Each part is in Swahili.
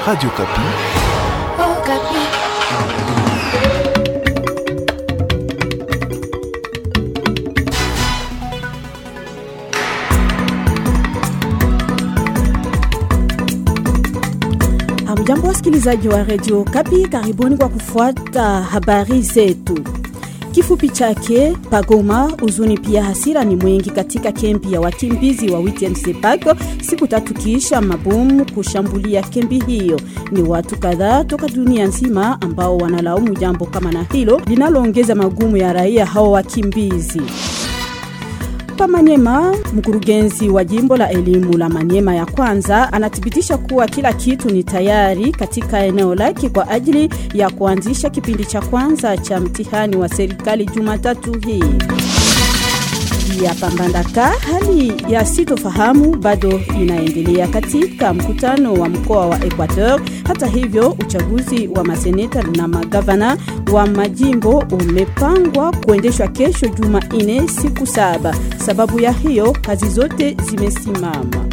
Radio Kapi. Oh, Kapi. Hamjambo wasikilizaji wa Radio Kapi, karibuni kwa kufuata habari zetu. Kifupi chake Pagoma, uzuni pia hasira ni mwingi katika kempi ya wakimbizi wa Witmsepako, siku tatu kiisha mabomu kushambulia kempi hiyo. Ni watu kadhaa toka dunia nzima ambao wanalaumu jambo kama na hilo linaloongeza magumu ya raia hao wakimbizi. Hapa Manyema, mkurugenzi wa jimbo la elimu la Manyema ya kwanza anathibitisha kuwa kila kitu ni tayari katika eneo lake kwa ajili ya kuanzisha kipindi cha kwanza cha mtihani wa serikali Jumatatu hii ya Pambandaka, hali ya sitofahamu bado inaendelea katika mkutano wa mkoa wa Ecuador. Hata hivyo, uchaguzi wa maseneta na magavana wa majimbo umepangwa kuendeshwa kesho Jumanne, siku saba. Sababu ya hiyo kazi zote zimesimama.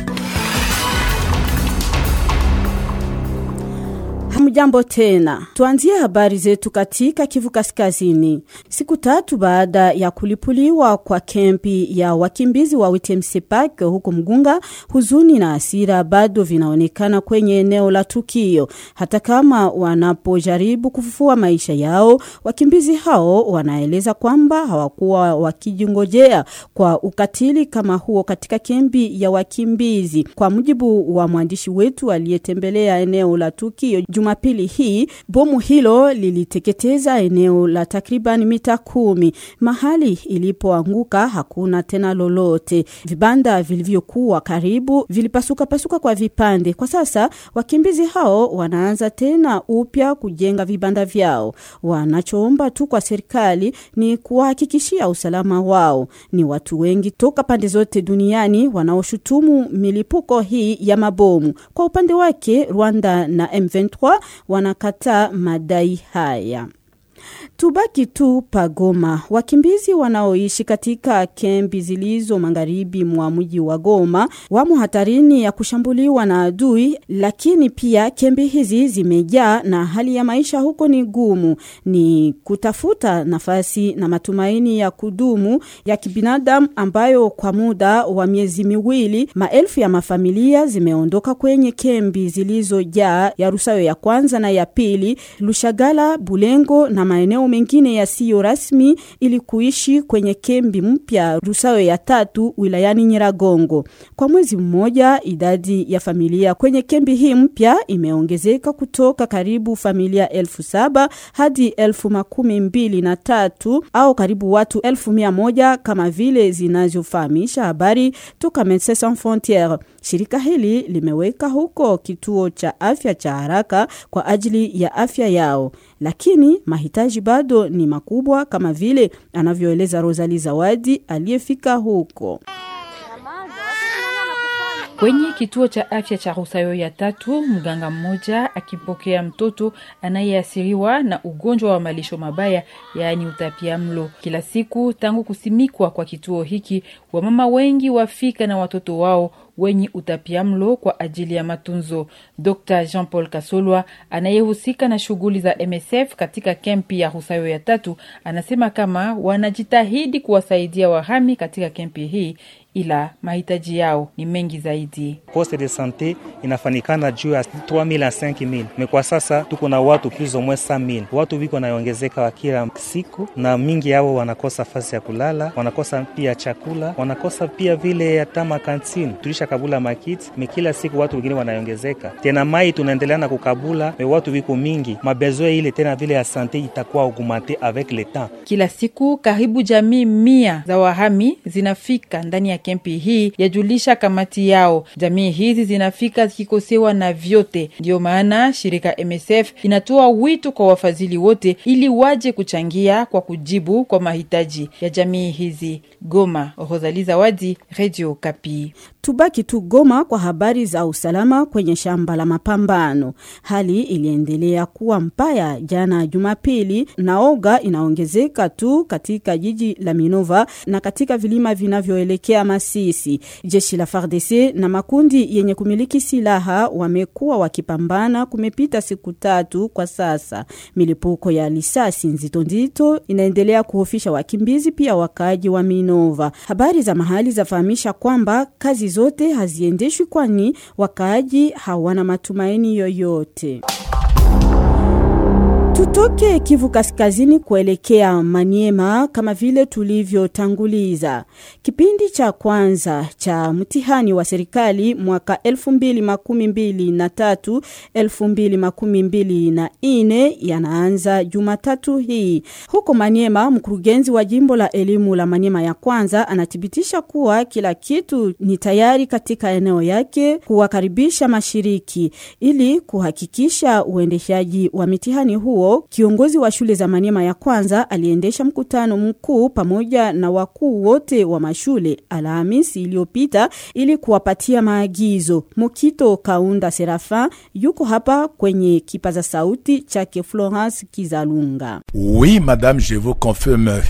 Hamujambo tena, tuanzie habari zetu katika Kivu Kaskazini. Siku tatu baada ya kulipuliwa kwa kempi ya wakimbizi wa Wetemsepak huko Mgunga, huzuni na hasira bado vinaonekana kwenye eneo la tukio. Hata kama wanapojaribu kufufua maisha yao, wakimbizi hao wanaeleza kwamba hawakuwa wakijingojea kwa ukatili kama huo katika kempi ya wakimbizi, kwa mujibu wa mwandishi wetu aliyetembelea eneo la tukio Juma Jumapili hii bomu hilo liliteketeza eneo la takriban mita kumi. Mahali ilipoanguka hakuna tena lolote. Vibanda vilivyokuwa karibu vilipasukapasuka kwa vipande. Kwa sasa wakimbizi hao wanaanza tena upya kujenga vibanda vyao. Wanachoomba tu kwa serikali ni kuwahakikishia usalama wao. Ni watu wengi toka pande zote duniani wanaoshutumu milipuko hii ya mabomu. Kwa upande wake Rwanda na M23 wanakataa madai haya. Tubaki tu pagoma. Wakimbizi wanaoishi katika kambi zilizo magharibi mwa mji wa Goma wamo hatarini ya kushambuliwa na adui, lakini pia kambi hizi zimejaa na hali ya maisha huko ni gumu. Ni kutafuta nafasi na matumaini ya kudumu ya kibinadamu ambayo kwa muda wa miezi miwili maelfu ya mafamilia zimeondoka kwenye kambi zilizojaa ya Rusayo ya kwanza na ya pili, Lushagala, Bulengo na maeneo mengine yasiyo rasmi ili kuishi kwenye kembi mpya Rusayo ya tatu wilayani Nyiragongo. Kwa mwezi mmoja, idadi ya familia kwenye kembi hii mpya imeongezeka kutoka karibu familia elfu saba hadi elfu makumi mbili na tatu au karibu watu elfu mia moja kama vile zinazofahamisha habari toka Medecins Sans Frontieres. Shirika hili limeweka huko kituo cha afya cha haraka kwa ajili ya afya yao, lakini mahitaji bado ni makubwa, kama vile anavyoeleza rosali Zawadi aliyefika huko kwenye kituo cha afya cha Rusayo ya tatu, mganga mmoja akipokea mtoto anayeathiriwa na ugonjwa wa malisho mabaya, yaani utapia mlo. Kila siku tangu kusimikwa kwa kituo hiki, wamama wengi wafika na watoto wao wenye utapiamlo kwa ajili ya matunzo. Dr Jean Paul Kasolwa anayehusika na shughuli za MSF katika kempi ya Husayo ya tatu anasema kama wanajitahidi kuwasaidia wahami katika kempi hii ila mahitaji yao ni mengi zaidi. Poste de sante inafanikana juu ya 3000 a 5000 me kwa sasa tuko na watu plus ou moins 100000 watu wiko naongezeka kila siku, na mingi yao wanakosa fasi ya kulala, wanakosa pia chakula, wanakosa pia vile hata kantin. tulisha kabula makiti me kila siku watu wengine wanaongezeka tena, mai tunaendelea na kukabula me watu wiko mingi, mabezo ile tena vile ya sante itakuwa augmente avec le temps. Kila siku karibu jamii mia za wahami zinafika ndani ya kempi hii, yajulisha kamati yao. Jamii hizi zinafika zikikosewa na vyote, ndiyo maana shirika MSF inatoa wito kwa wafadhili wote ili waje kuchangia kwa kujibu kwa mahitaji ya jamii hizi. Goma, Rosalie Zawadi, Radio Kapi tubaki tu Goma kwa habari za usalama kwenye shamba la mapambano. Hali iliendelea kuwa mbaya jana Jumapili, na oga inaongezeka tu katika jiji la Minova na katika vilima vinavyoelekea Masisi. Jeshi la FARDC na makundi yenye kumiliki silaha wamekuwa wakipambana, kumepita siku tatu kwa sasa. Milipuko ya risasi nzito nzito inaendelea kuhofisha wakimbizi pia wakaaji wa Minova. Habari za mahali zafahamisha kwamba kazi zote haziendeshwi kwani wakaaji hawana matumaini yoyote. Tutoke Kivu Kaskazini kuelekea Maniema kama vile tulivyotanguliza. Kipindi cha kwanza cha mtihani wa serikali mwaka na 2024 yanaanza Jumatatu hii. Huko Maniema, mkurugenzi wa jimbo la elimu la Maniema ya kwanza anathibitisha kuwa kila kitu ni tayari katika eneo yake kuwakaribisha mashiriki ili kuhakikisha uendeshaji wa mitihani huo Kiongozi wa shule za Maniema ya kwanza aliendesha mkutano mkuu pamoja na wakuu wote wa mashule Alhamisi iliyopita ili kuwapatia maagizo. Mokito Kaunda Serafin yuko hapa kwenye kipaza sauti chake Florence Kizalunga. Oui, madame, je vous confirme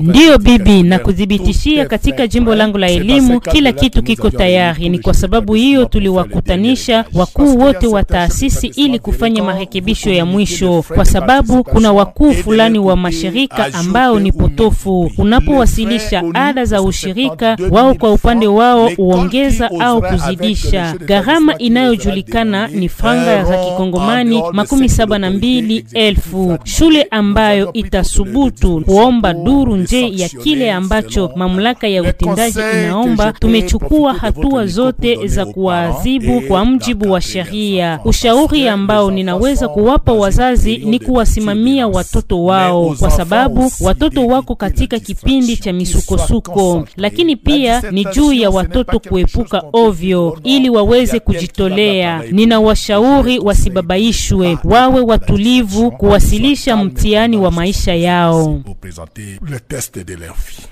Ndiyo bibi, na kudhibitishia katika jimbo langu la elimu kila kitu kiko tayari. Ni kwa sababu hiyo tuliwakutanisha wakuu wote wa taasisi ili kufanya marekebisho ya mwisho, kwa sababu kuna wakuu fulani wa mashirika ambao ni potofu. Unapowasilisha ada za ushirika wao, kwa upande wao huongeza au kuzidisha gharama inayojulikana ni franga za kikongomani makumi saba na mbili elfu shule ambayo itasubutu kuomba duru nje ya kile ambacho mamlaka ya utendaji inaomba, tumechukua hatua zote za kuwaadhibu kwa mjibu wa sheria. Ushauri ambao ninaweza kuwapa wazazi ni kuwasimamia watoto wao, kwa sababu watoto wako katika kipindi cha misukosuko, lakini pia ni juu ya watoto kuepuka ovyo ili waweze kujitolea. Ninawashauri wasibabaishwe, wawe watulivu kuwasilisha mtihani wa maisha yao le test de leur vie.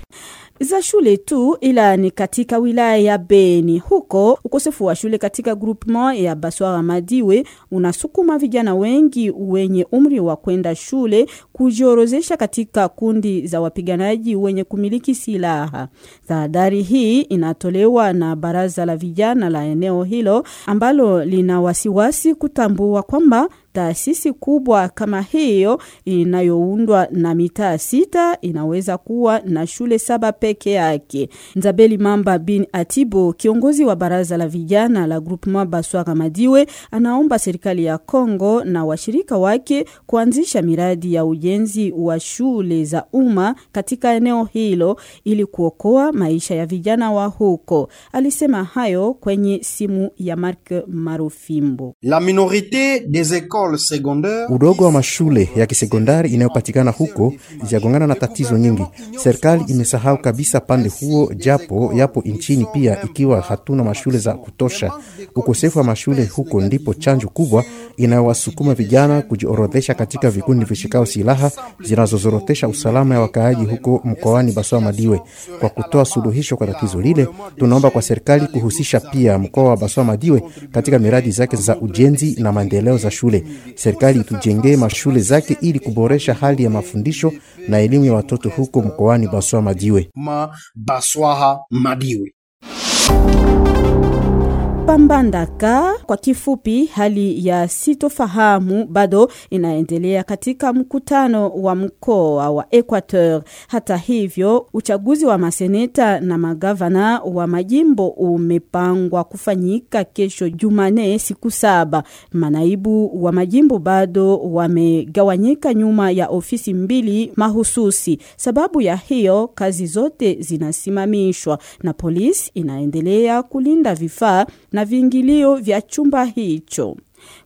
za shule tu ila ni katika wilaya ya Beni. Huko ukosefu wa shule katika groupement ya Baswara Madiwe unasukuma vijana wengi wenye umri wa kwenda shule kujiorozesha katika kundi za wapiganaji wenye kumiliki silaha. Tahadhari hii inatolewa na baraza la vijana la eneo hilo ambalo lina wasiwasi kutambua kwamba Taasisi kubwa kama hiyo inayoundwa na mitaa sita inaweza kuwa na shule saba peke yake. Nzabeli Mamba bin Atibo, kiongozi wa baraza la vijana la Groupement Baswara Madiwe, anaomba serikali ya Kongo na washirika wake kuanzisha miradi ya ujenzi wa shule za umma katika eneo hilo ili kuokoa maisha ya vijana wa huko. Alisema hayo kwenye simu ya Mark Marufimbo. La minorite des écoles Udogo wa mashule ya kisekondari inayopatikana huko ijagongana na tatizo nyingi. Serikali imesahau kabisa pande huo, japo yapo nchini pia, ikiwa hatuna mashule za kutosha. Ukosefu wa mashule huko ndipo chanjo kubwa inayowasukuma vijana kujiorodhesha katika vikundi vishikao silaha zinazozorotesha usalama ya wakaaji huko mkoani Basoa Madiwe. Kwa kutoa suluhisho kwa tatizo lile, tunaomba kwa serikali kuhusisha pia mkoa wa Basoa Madiwe katika miradi zake za ujenzi na maendeleo za shule serikali itujengee mashule zake ili kuboresha hali ya mafundisho na elimu ya watoto huko mkoani Baswa Madiwe, Ma Baswaha Madiwe. Hapa Mbandaka kwa kifupi, hali ya sitofahamu bado inaendelea katika mkutano wa mkoa wa Equateur. Hata hivyo, uchaguzi wa maseneta na magavana wa majimbo umepangwa kufanyika kesho Jumane, siku saba. Manaibu wa majimbo bado wamegawanyika nyuma ya ofisi mbili mahususi. Sababu ya hiyo, kazi zote zinasimamishwa na polisi inaendelea kulinda vifaa na viingilio vya chumba hicho.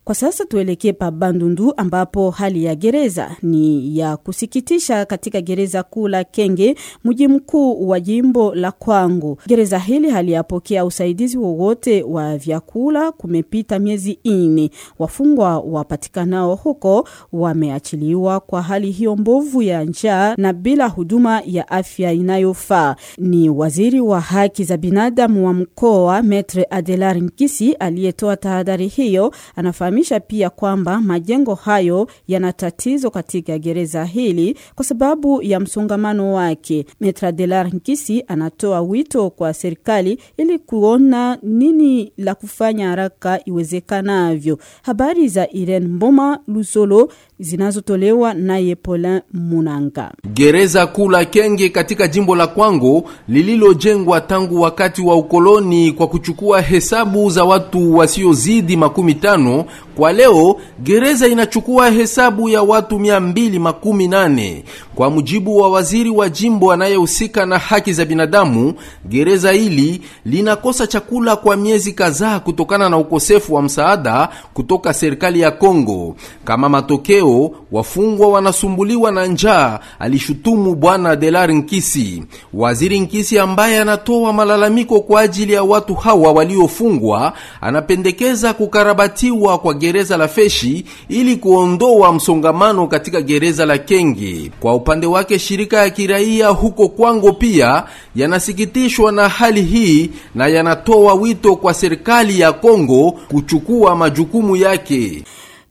Kwa sasa tuelekee pa Bandundu ambapo hali ya gereza ni ya kusikitisha katika gereza kuu la Kenge, mji mkuu wa jimbo la Kwango. Gereza hili haliyapokea usaidizi wowote wa vyakula, kumepita miezi ine. Wafungwa wapatikanao huko wameachiliwa kwa hali hiyo mbovu ya njaa na bila huduma ya afya inayofaa. Ni waziri wa haki za binadamu wa mkoa Metre Adelar Nkisi aliyetoa tahadhari hiyo anafa Amefahamisha pia kwamba majengo hayo yana tatizo katika gereza hili kwa sababu ya msongamano wake. Metra Delar Nkisi anatoa wito kwa serikali ili kuona nini la kufanya haraka iwezekanavyo. Habari za Irene Mboma Lusolo zinazotolewa naye Polin Munanga. Gereza kuu la Kenge katika jimbo la Kwango lililojengwa tangu wakati wa ukoloni kwa kuchukua hesabu za watu wasiozidi makumi tano kwa leo gereza inachukua hesabu ya watu 218 kwa mujibu wa waziri wa jimbo anayehusika na haki za binadamu. Gereza hili linakosa chakula kwa miezi kadhaa kutokana na ukosefu wa msaada kutoka serikali ya Kongo. Kama matokeo, wafungwa wanasumbuliwa na njaa, alishutumu bwana Delar Nkisi. Waziri Nkisi ambaye anatoa malalamiko kwa ajili ya watu hawa waliofungwa, anapendekeza kukarabatiwa kwa gereza gereza la Feshi ili kuondoa msongamano katika gereza la Kenge. Kwa upande wake, shirika ya kiraia huko Kwango pia yanasikitishwa na hali hii na yanatoa wito kwa serikali ya Kongo kuchukua majukumu yake.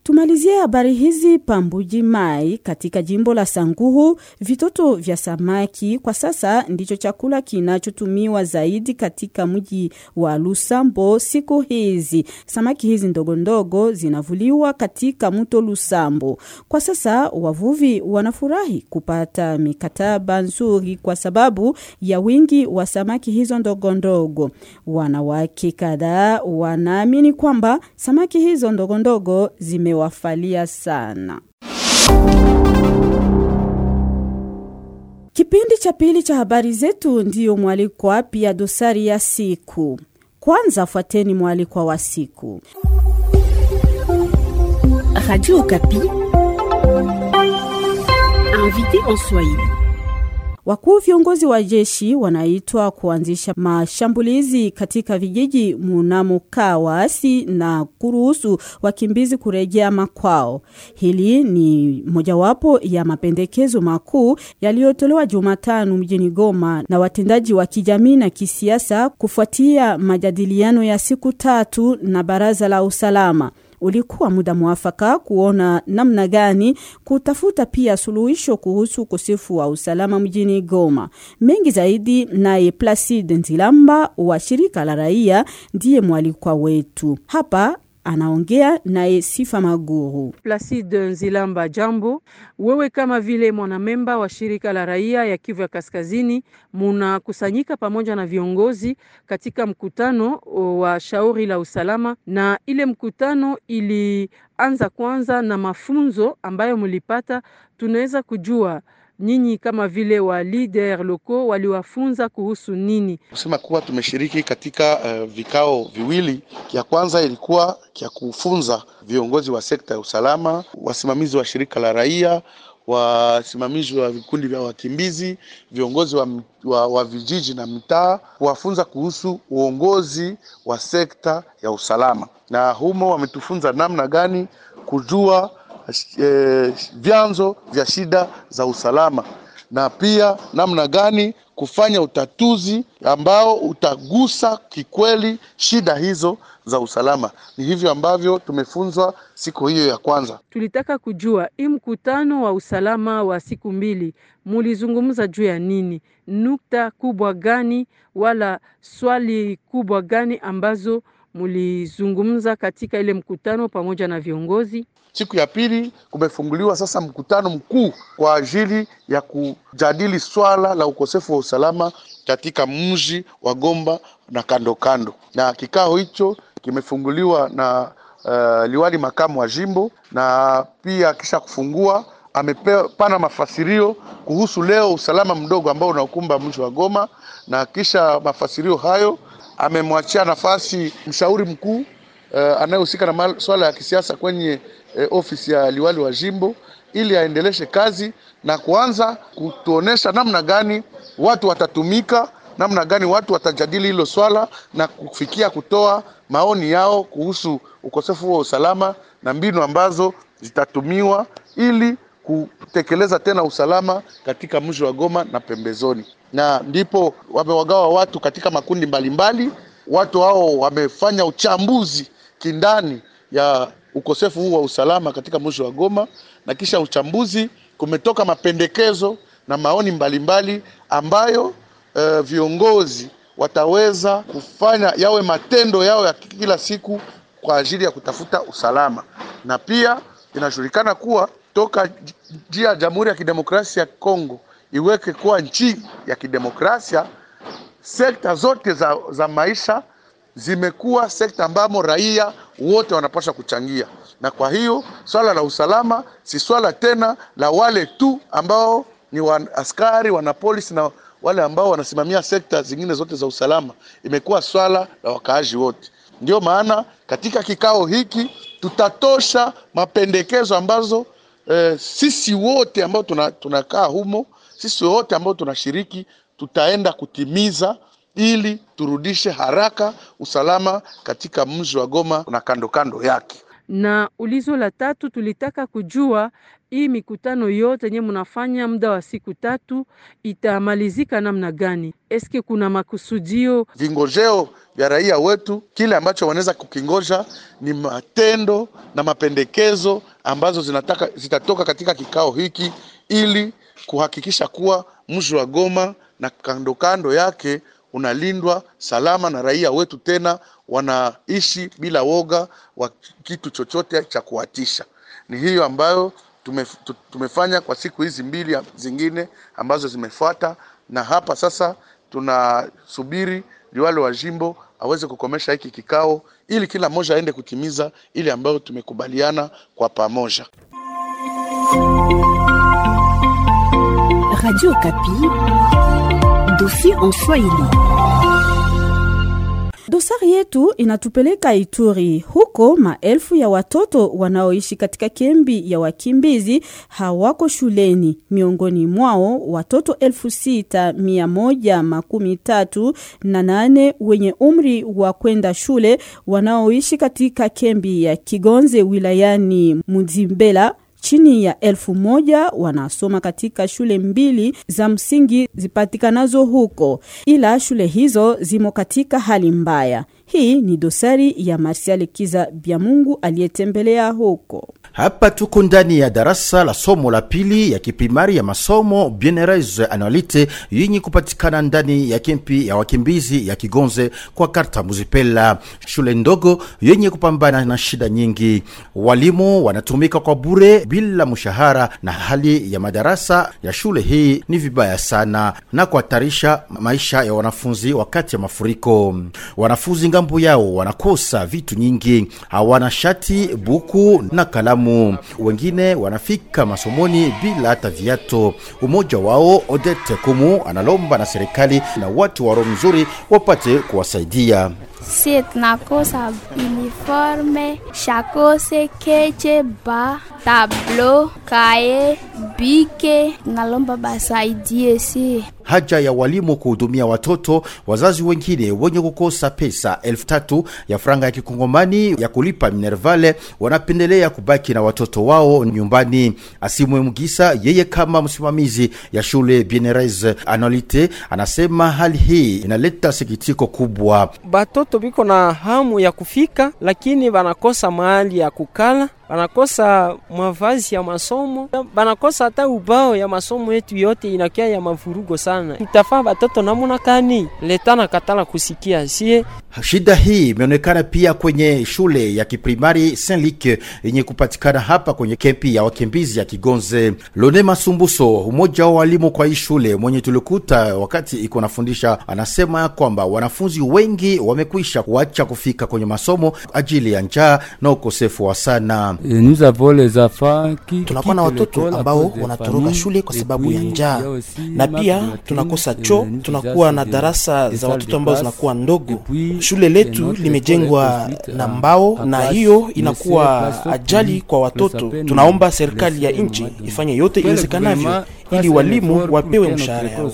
Tumalizie habari hizi pambuji mai katika jimbo la Sanguhu. Vitoto vya samaki kwa sasa ndicho chakula kinachotumiwa zaidi katika mji wa Lusambo siku hizi. Samaki hizi ndogondogo zinavuliwa katika mto Lusambo. Kwa sasa wavuvi wanafurahi kupata mikataba nzuri kwa sababu ya wingi wa samaki hizo ndogondogo. Wanawake kadhaa wanaamini kwamba samaki hizo ndogondogo zime imewafalia sana. Kipindi cha pili cha habari zetu ndiyo mwalikwa pia dosari ya siku. Kwanza fuateni mwalikwa wa siku. Radio Okapi, invité en Swahili. Wakuu viongozi wa jeshi wanaitwa kuanzisha mashambulizi katika vijiji munamo kaa waasi na kuruhusu wakimbizi kurejea makwao. Hili ni mojawapo ya mapendekezo makuu yaliyotolewa Jumatano mjini Goma na watendaji wa kijamii na kisiasa kufuatia majadiliano ya siku tatu na Baraza la Usalama ulikuwa muda mwafaka kuona namna gani kutafuta pia suluhisho kuhusu ukosefu wa usalama mjini Goma. Mengi zaidi naye Placide Nzilamba wa shirika la raia ndiye mwalikwa wetu hapa anaongea naye Sifa Maguru. Placide Nzilamba, jambo. Wewe kama vile mwanamemba wa shirika la raia ya Kivu ya Kaskazini, munakusanyika pamoja na viongozi katika mkutano wa shauri la usalama, na ile mkutano ilianza kwanza na mafunzo ambayo mlipata, tunaweza kujua nyinyi kama vile wa leader loko waliwafunza kuhusu nini? Kusema kuwa tumeshiriki katika uh, vikao viwili. Ya kwanza ilikuwa ya kufunza viongozi wa sekta ya usalama, wasimamizi wa shirika la raia wasimamizi wa vikundi vya wakimbizi, viongozi wa, wa, wa vijiji na mitaa, kuwafunza kuhusu uongozi wa sekta ya usalama, na humo wametufunza namna gani kujua eh, vyanzo vya shida za usalama na pia namna gani kufanya utatuzi ambao utagusa kikweli shida hizo za usalama. Ni hivyo ambavyo tumefunzwa siku hiyo ya kwanza. Tulitaka kujua hii mkutano wa usalama wa siku mbili mulizungumza juu ya nini, nukta kubwa gani wala swali kubwa gani ambazo mulizungumza katika ile mkutano pamoja na viongozi? Siku ya pili kumefunguliwa sasa mkutano mkuu kwa ajili ya kujadili swala la ukosefu wa usalama katika mji wa Gomba na kando kando, na kikao hicho kimefunguliwa na uh, liwali makamu wa jimbo, na pia kisha kufungua amepana mafasirio kuhusu leo usalama mdogo ambao unaokumba mji wa Goma, na kisha mafasirio hayo amemwachia nafasi mshauri mkuu uh, anayehusika na masuala ya kisiasa kwenye uh, ofisi ya liwali wa jimbo ili aendeleshe kazi na kuanza kutuonesha namna gani watu watatumika, namna gani watu watajadili hilo swala na kufikia kutoa maoni yao kuhusu ukosefu wa usalama na mbinu ambazo zitatumiwa ili kutekeleza tena usalama katika mji wa Goma na pembezoni na ndipo wamewagawa watu katika makundi mbalimbali mbali. Watu hao wamefanya uchambuzi kindani ya ukosefu huu wa usalama katika mji wa Goma, na kisha uchambuzi kumetoka mapendekezo na maoni mbalimbali mbali ambayo uh, viongozi wataweza kufanya yawe matendo yao ya kila siku kwa ajili ya kutafuta usalama. Na pia inajulikana kuwa toka njia ya Jamhuri ya Kidemokrasia ya Kongo iweke kuwa nchi ya kidemokrasia. Sekta zote za, za maisha zimekuwa sekta ambamo raia wote wanapaswa kuchangia, na kwa hiyo swala la usalama si swala tena la wale tu ambao ni wan, askari wanapolisi na wale ambao wanasimamia sekta zingine zote za usalama, imekuwa swala la wakaaji wote. Ndio maana katika kikao hiki tutatosha mapendekezo ambazo eh, sisi wote ambao tunakaa tuna humo sisi wote ambao tunashiriki tutaenda kutimiza ili turudishe haraka usalama katika mji wa Goma na kando kando yake. Na ulizo la tatu tulitaka kujua hii mikutano yote yenye mnafanya muda wa siku tatu itamalizika namna gani? Eske kuna makusudio? Vingojeo vya raia wetu, kile ambacho wanaweza kukingoja ni matendo na mapendekezo ambazo zinataka zitatoka katika kikao hiki ili kuhakikisha kuwa mji wa Goma na kando kando yake unalindwa salama na raia wetu tena wanaishi bila woga wa kitu chochote cha kuwatisha. Ni hiyo ambayo tume, tumefanya kwa siku hizi mbili zingine ambazo zimefuata, na hapa sasa tunasubiri liwale wa jimbo aweze kukomesha hiki kikao ili kila mmoja aende kutimiza ile ambayo tumekubaliana kwa pamoja. Radio Kapi, dossier en Swahili. Dosari yetu inatupeleka Ituri. Huko maelfu ya watoto wanaoishi katika kambi ya wakimbizi hawako shuleni. Miongoni mwao watoto elfu sita mia moja makumi tatu na nane wenye umri wa kwenda shule wanaoishi katika kambi ya Kigonze wilayani Muzimbela chini ya elfu moja wanasoma katika shule mbili za msingi zipatikanazo huko, ila shule hizo zimo katika hali mbaya. Hii ni dosari ya Marsial Kiza biamungu aliyetembelea huko. Hapa tuko ndani ya darasa la somo la pili ya kiprimari ya masomo Bieneres Analite yenye kupatikana ndani ya kempi ya wakimbizi ya Kigonze kwa karta Muzipela, shule ndogo yenye kupambana na shida nyingi. Walimu wanatumika kwa bure bila mshahara, na hali ya madarasa ya shule hii ni vibaya sana na kuhatarisha maisha ya wanafunzi wakati ya mafuriko. Wanafunzi ngambo yao wanakosa vitu nyingi, hawana shati, buku na kalamu masomo, wengine wanafika masomoni bila hata viato. Umoja wao Odete Kumu analomba na serikali na watu wa roho mzuri wapate kuwasaidia. Si tunakosa uniforme, shakose, keche, ba, tablo, kaye, bike. Nalomba basaidie si haja ya walimu kuhudumia watoto, wazazi wengine wenye kukosa pesa elfu tatu ya franga ya kikongomani ya kulipa minervale wanapendelea kubaki na watoto wao nyumbani. Asimwe Mgisa, yeye kama msimamizi ya shule Bienerez Analite, anasema hali hii inaleta sikitiko kubwa. Batoto biko na hamu ya kufika, lakini banakosa mahali ya kukala banakosa mavazi ya masomo, banakosa hata ubao ya masomo yetu, yote inakia ya mavurugo sana. Tutafaa batoto namuna kani? Leta na katala kusikia sie. Shida hii imeonekana pia kwenye shule ya kiprimari Saint Luc yenye kupatikana hapa kwenye kempi ya wakimbizi ya Kigonze. Lone Masumbuso, umoja wa walimu kwa hii shule mwenye tulikuta wakati iko nafundisha, anasema kwamba wanafunzi wengi wamekwisha kuacha kufika kwenye masomo ajili ya njaa na ukosefu wa sana tunakuwa na watoto ambao wanatoroka shule kwa sababu ya njaa, na pia tunakosa choo. Tunakuwa na darasa za watoto ambao zinakuwa ndogo. Shule letu limejengwa na mbao, na hiyo inakuwa ajali kwa watoto. Tunaomba serikali ya nchi ifanye yote iwezekanavyo ili walimu wapewe mshahara yao.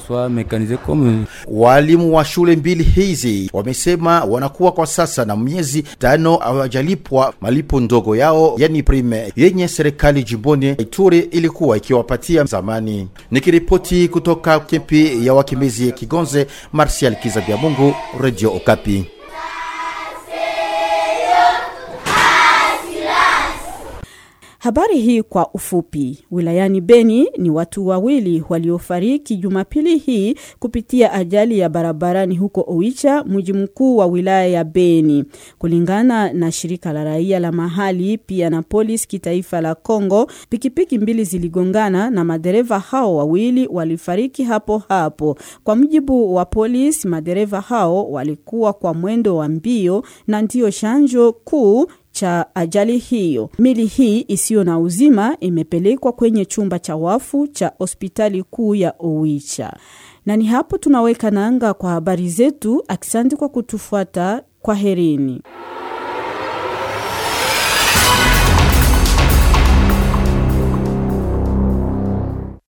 Walimu wa shule mbili hizi wamesema wanakuwa kwa sasa na miezi tano hawajalipwa malipo ndogo yao, yani prime yenye serikali jimboni Ituri ilikuwa ikiwapatia zamani. Nikiripoti kutoka kempi ya wakimbizi Kigonze, Martial Kizabiamungu, Radio Okapi. Habari hii kwa ufupi. Wilayani Beni ni watu wawili waliofariki Jumapili hii kupitia ajali ya barabarani huko Oicha, mji mkuu wa wilaya ya Beni. Kulingana na shirika la raia la mahali pia na polisi kitaifa la Kongo, pikipiki mbili ziligongana na madereva hao wawili walifariki hapo hapo. Kwa mujibu wa polisi, madereva hao walikuwa kwa mwendo wa mbio na ndiyo chanjo kuu cha ajali hiyo. Mili hii isiyo na uzima imepelekwa kwenye chumba cha wafu cha hospitali kuu ya Owicha. Na ni hapo tunaweka nanga kwa habari zetu. Asante kwa kutufuata. herini.